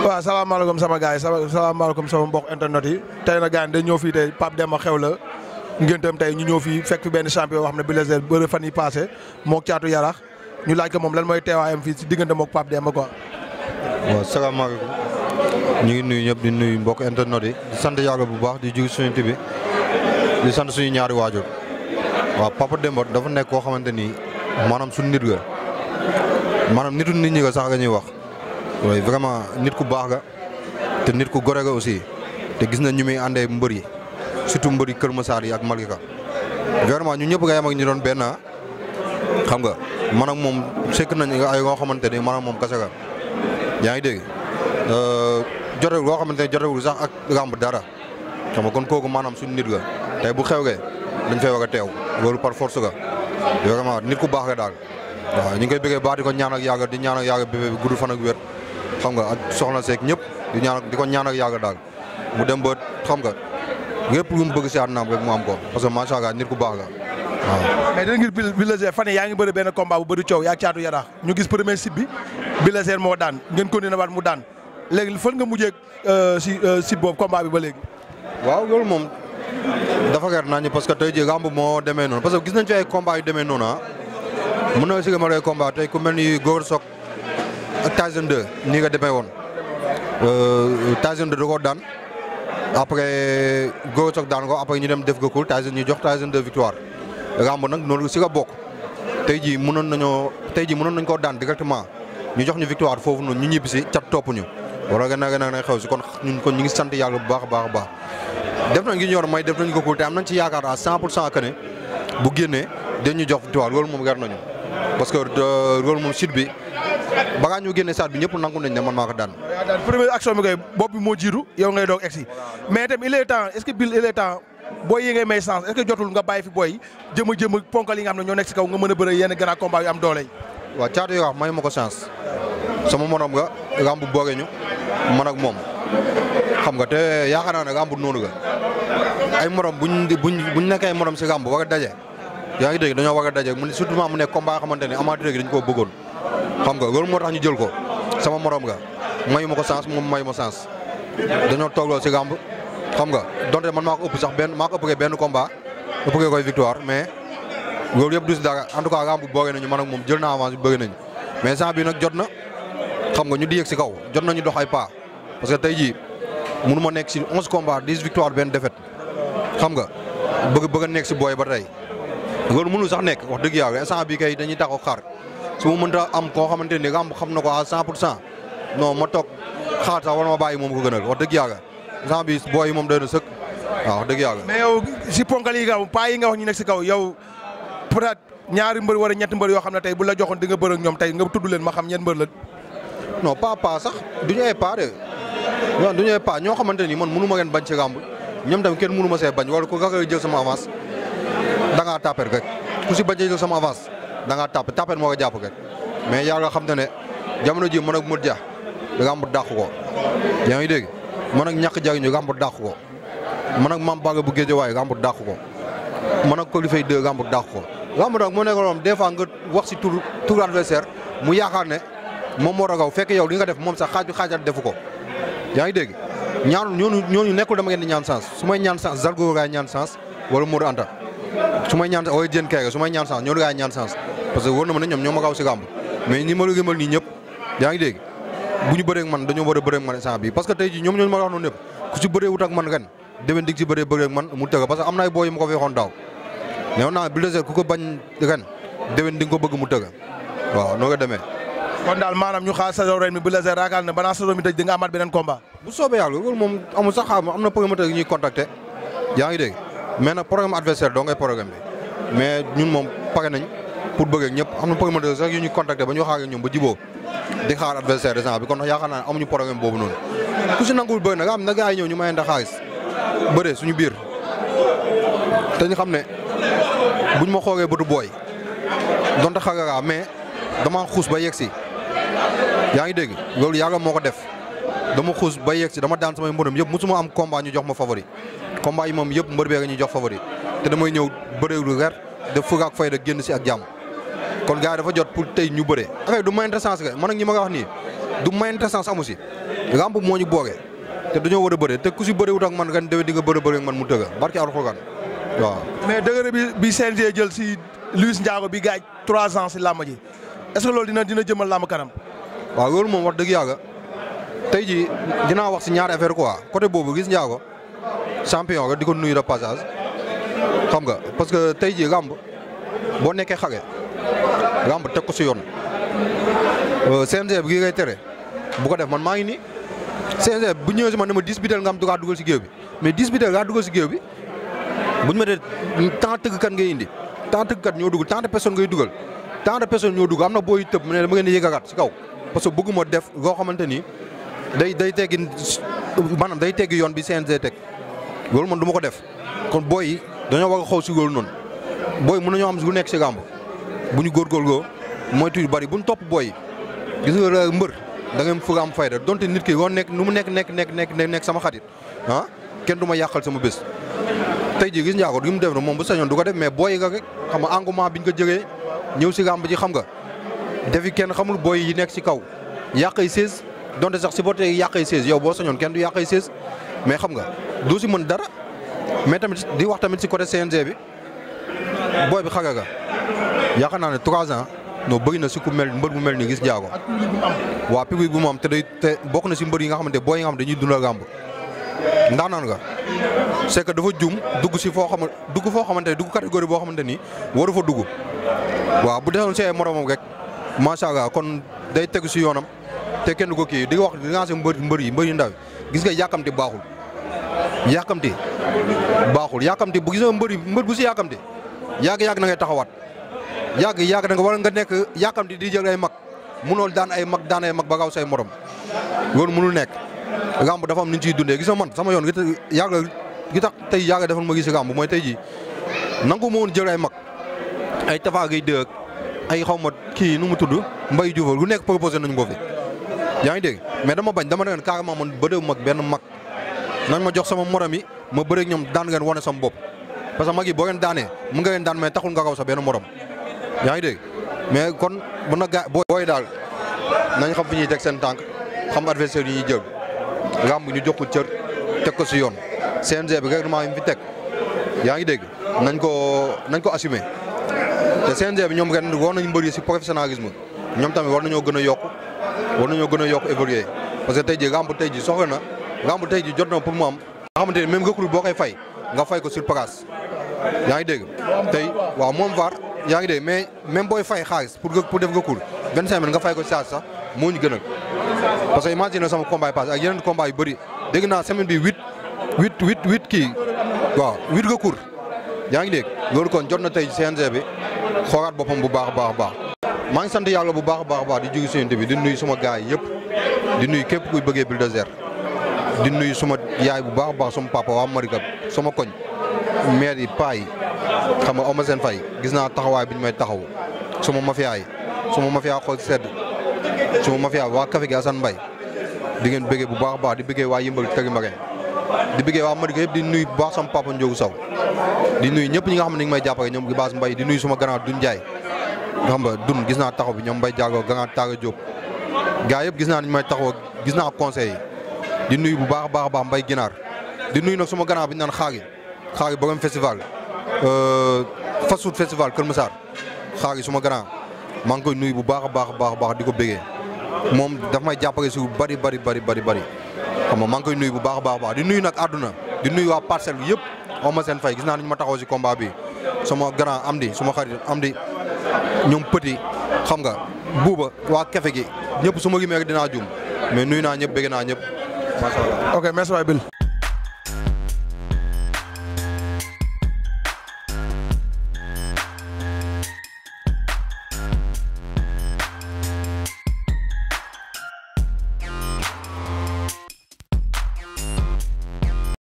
waaw salaamaaleykum sama gars yi salaamaaleykum sama mbokk internet yi tey na gars yi dañ fii tey Pape Demba xew la ngéntam tey ñu ñëw fii fekk fi benn champion boo xam ne bi blessé bëri fan yi passé mook caatu yarax ñu laaj ko moom lan mooy teewaayam fii si diggante mook Pape Demba quoi. waaw salaamaaleykum ñu ngi nuyu ñëpp di nuyu mbokk internet yi di sant yàlla bu baax di jug suñu tibi di sant suñu ñaari waajur waaw Papa Demba dafa nekk koo xamante ni maanaam suñu nit ga maanaam nit ñi nga ñuy wax. oui vraiment nit ku baax ga te nit ku gore ga aussi te gis na ñu muy andé mbeur yi surtout mbeur yi Keur Massar yi ak Malika vraiment ñu ñëpp ga yam ak ñu doon benn xam nga man ak mom sekk nañ ay nga xamanteni man ak mom kassaka yaangi dégg euh joté lo xamanteni joté wul sax ak ramb dara xam nga kon koku manam suñu nit ga tay bu dañ fay waga tew lolu par force ga vraiment nit ku baax ga dal waaw ñu ngi koy bëggee baax di ko ñaan ak yàgg di ñaan ak yàgg bébé bi gudd xam nga ak soxna ñëpp di ñaan di ko ñaan ak daal mu dem ba xam nga lépp lu mu bëgg si àddinaam rek mu am ko parce que macha allah nit ku baax la waaw. mais dégg ngeen bi fan yaa ngi bëri benn combat bu bëri coow yaa caatu yaraax ñu gis premier site bi Bulldozer moo daan ngeen continué waat mu daan léegi fan nga mujjee euh, si euh, site boobu bi ba léeg waaw loolu moom dafa gër naa ñu parce que tey jii ramb demee noonu parce gis nañ ci ay combat demee noonu ah. mën na aussi que ma doy combat tey ku mel ni Góor Sok ak Tyson de nii nga demee woon euh, Tyson 2 da koo daan après Góor Sok daan ko après ñu dem def gëkkul Tyson ñu jox Tyson 2 victoire ramb nag noonu si nga bokk tey jii mënoon nañoo tey jii mënoon nañ koo daan directement ñu jox ñu victoire foofu noonu ñu ñibbi si cat topp ñu wala gën a gën a xew si kon ñun kon ñu ngi sant yàlla bu baax a baax a baax def nañ gi ñor may def nañ ko kuul te am nañ ci yaakaar à 100 pour cent que ne bu génnee dañ ñu jox victoire loolu moom gar nañu parce que rôle euh, moom site bi ba nga ñu guéné sat bi ñëpp nangu nañ né man mako ko daan première action bi koy bop bi mo jitu yow ngay dog exi mais tam il est temps est-ce que Bill il est temps boy yi ngay may sens est-ce que jotul nga bay fi boy jëm jëm ponkal yi nga am ne ñoo nekk ci kaw nga mëna bëre yeen grand combat yu am doolé wa chat yu wax may mako sens sama monom nga rambu bogé ñu man ak mom xam nga té yaakaar naa ne rambu nonu nga ay morom buñ buñ buñ nekkee morom ci rambu war a daje yaa ngi dégg dañoo war a daje mu surtout mu nekk combat xamante ne amateur yi dañ koo bëggoon xam nga loolu moo ñu jël ko sama morom nga mayu ma ko sens moom mayu ma sens dañoo toog loolu si gàmb xam nga donte man maa ko ëpp sax benn maa ko ëppee benn combat ëpp nga koy victoire mais loolu yëpp du si dara en tout cas gàmb boogee nañu man ak moom jël na avance bi bëri mais sant bi nag jot xam nga ñu di yëg si kaw jot nañu dox ay pas parce que tey jii mënu ma nekk si onze combats dix victoire benn défaite xam nga bëgg bëgg a nekk si booy ba tey loolu munu sax nek wax deug yàlla instant bi kay dañuy taxaw xaar su ma mënta am ko xamanteni nga am xam na ko à 100 non ma tok xaar sax war ma bàyyi moom ko gënal wax deug yaaga instant bi boy mom doona seuk wax deug yaaga mais yow ci ponkal yi nga pa yi nga wax ñu nek ci kaw yow peut-être ñaari mbeur wala ñetti mbeur yo xamna tay bu la joxon di nga bëre ak ñoom tey nga tuddu len ma xam ñen mbeur la. non pa pa sax du ñu ay pas de non du ñu ay pas ñoo xamante ni man mënu ma leen bañ ci gambu ñom tam kenn mënu ma see bañ wala ko gaga jël sama avance da ngaa tapé rek ku ci bañu sama avance da ngaa tapé tapé moo ko rek mais yàlla xam na ne jamono ji mën ak mët ja da am dakh ko yaa ngi dégg mën ak ñàkk nga gàmbu dakh ko mën ak mam baga bu way nga gàmbu dakh ko mën ak kolifay deux gàmbu dakh ko gàmbu mo ne ko rom des fois nga wax ci tour tour adversaire mu yaakar ne mom mo ragaw fekk yow li nga def mom sax xaju xaajal defu ko yaa ñaanu ñoo ñooñu nekkul dama ngeen di ñaan sans sumay ñaan sans Zargo ga ñaan sans wala Modou Anta su may ñaan ooy jën keeke su may ñaan chance ñoo di gaay ñaan chance parce que wóor na ma ne ñoom ñoo ma gaaw si gàmb mais ñi ma la gëmal nii ñëpp yaa ngi bu ñu bëree man dañoo war a bëree ak man instant bi parce que tey ji ñoom ñoo ma wax noonu ñëpp ku si bëree wut man ren déwén dig si bëree man mu tëgg parce que am na ay booy ko fi waxoon daaw neew naa Buldozer ku ko bañ ren déwén di ko bëgg mu tëgg waaw noo ko demee kon daal ñu xaar saison mi bu soobee yàlla loolu na promoteur mais ñun moom pare nañ pour bëgg ak ñëpp am na promoteur sax yu ñu contacté ba ñu waxaat ak ñoom ba jiboo di xaar adversaire de bi kon yaakaar naa ne amuñu problème boobu noonu ku si nanguwul bëri nag am na gars yi ñëw ñu mayeen da xaalis bëree suñu biir te ñu xam ne buñ ma xoogee xoolee bëtu booy donte xagaraa mais dama xuus ba yegg si yaa ngi dégg loolu yàlla moo ko def dama xuus ba yegg si dama daan samay mbërëm yëpp mosuma am combat ñu jox ma favori combat yi moom yëpp mbër bee nga jox favori te damay ñëw bëree lu weer def fukk ak fayda génn si ak jàmm kon gars dafa jot pour tey ñu bëree affaire du mayante sens nga man ak ñi ma nga wax nii du mayante sens amu si ramb moo ñu boogee te dañoo war a bëree te ku si bëree man ren déwén di nga bëree bëree man mu tëgg barki alxuraan waaw. mais dëgg bi bi CNG jël si Luis Ndiago bi gaaj trois ans si làmb ji est-ce que dina dina jëmal làmb kanam. waaw loolu moom wax dëgg yàgga tey ji dinaa wax si ñaari affaire quoi côté boobu gis Ndiago champion nga di ko nuyu de passage xam nga parce que tey jii làmb boo nekkee xale làmb teg ko si yoon euh, CNG bi gi ngay tere bu ko def man maa ngi nii CNG bu ñëwee si man ne ma 10 biteel nga dugal si géew bi mais 10 biteel kaa si géew bi bu ñu ma dee tant tëggkat ngay indi tant tëggkat ñoo dugal tant de personnes ngay dugal tant de personnes ñoo dugal am na booy tëb mu ne dama ngeen di yëgagaat si kaw parce que bëgguma def loo xamante ni day day teggi maanaam day teggi yoon bi CNG teg. loolu man du ma ko def kon booy yi dañoo war xaw si loolu noonu booy yi mën nañoo xam lu nekk si làmb bu ñu goo mooy tuuti bari bu ñu topp booy gis nga mbër da ngeen fu am fayda donte nit ki loo nekk nu mu nekk nekk nekk nekk nekk sama xarit ah, kenn du ma yàqal sama bés. tey jii gis nga ko li mu def na moom bu sañoon du ko def mais booy yi rek xam nga engouement bi ñu ko jëlee ñëw si làmb ji xam nga defi kenn xamul booy yi nekk si kaw yàq ay 16 donte sax supporter yi yàq ay yow boo sañoon kenn du yàq ay mais xam nga du ci mën dara mais tamit di wax tamit ci côté CNG bi boy bi xaga ga yaakaar naa ne trois ans non bëri na si ku mel mbër mu mel nii gis jaago waa public bu mu am te day te bokk na si mbër yi nga xamante boy yi nga xam dañuy dundal gàmb ndax naan nga c'est que dafa jum dugg si foo xam dugg foo xamante ne dugg catégorie boo xamante ni waru fa dugg waaw bu desoon see moromam rek macha allah kon day tegu si yoonam te kenn ko kii di wax di lancer mbër mbër yi mbër yi ndaw gis nga Bahul, baxul yàkkamti baxul yàkkamti bu gis nga mbeur mbeur bu ci yàkkamti yag yag na ngay taxawat yag yag na nga war nga nek yàkkamti di jël ay mak mënool daan ay mak daan ay mak ba gaw say morom won mënul nek gambu dafa am ni ci dundé gis nga man sama yoon yag gi tax tay yag dafa ma gis gambu moy tay ji nangu mo won jël ay mak ay gay deuk ay xawma ki nu mu tuddu mbay juufal lu nek proposé nañ ko fi yaa ngi dégg mais dama bañ dama ne leen maa man bëréew mag benn mag nañ ma jox sama morom yi ma bëreeg ñoom daan ngeen wane sama bopp parce que mag yi boo ngeen daanee mu nga leen daan mais taxul nga kaw sa benn morom yaa ngi dégg mais kon bu na gaa booy daal nañ xam fi ñuy teg seen tànk xam adversaire yi ñuy jël bu ñu jox ko cër teg ko si yoon CNG bi règlement yi mu fi teg yaa ngi dégg nañ ko nañ ko assumer te CNG bi ñoom ren war nañ mbëri si professionnalisme ñoom tamit war nañoo gën a yokk war nañoo gën a yokk évoluer parce que tey ji lamb tey ji soxla na lamb tey ji jot na pour moom am nga xamante ne boo koy fay nga fay ko sur pagas yaa ngi dégg tey waaw moom VAR yaa ngi dégg mais même booy fay xaalis pour pour def recours vingt cinq mille nga fay ko saag sax moo ñu gënal parce que imagine sama combat yi passé ak yeneen combat yu bëri dégg naa semaine bi huit huit huit huit kii waaw huit recours yaa ngi dégg loolu kon jot na tey CNG bi xoolaat boppam bu baax a baax a baax maa ngi sant yàlla bu baax a baax baax di jóge seen bi di nuy suma gaay yëpp di nuyu képp kuy bëggee Bulldozer di nuyu suma yaay bu baax a baax suma papa waa Marika suma koñ maire yi paa yi xam nga oma seen fay gis naa taxawaay bi ñu may taxaw suma mafia suma mafia xool sedd suma mafia waa Café gi Assane Mbaye di ngeen bëggee bu baax baax di bëggee waa Yëmbal Tëri Mare di bëggee waa Marika yëpp di nuyu bu baax sama papa Ndiogu saw di nuyu ñëpp ñi nga xam ne ni ngi di nuyu suma grand Doudou Ndiaye xam nga dun gis naa taxaw bi ñoom Mbaye Diago Grand Tara Diop gars yëpp gis naa ni ñu may taxawoo gis naa conseil di nuyu bu baax a baax baax mbay Ginaar di nuy nag suma gannaaw bi ñu naan xaar yi yi borom festival euh, fast food festival Kër Massar xaar yi suma gannaaw maa ngi koy nuyu bu baax a baax a baax di ko bégee moom daf may jàppale si lu bari bari bari bari bari xam nga maa ngi koy nuyu bu baax a baax di nuyu nag àdduna di nuyu waa parcelle bi yëpp aw ma seen fay gis naa ni ñu ma taxaw si combat bi sama grand am di suma xarit am ñoom petit xam nga buuba waa kefe gi ñëpp suma ma rimee rek dinaa juum mais nuyu naa ñëpp bëgg naa ñëpp macha ok merci waay Bill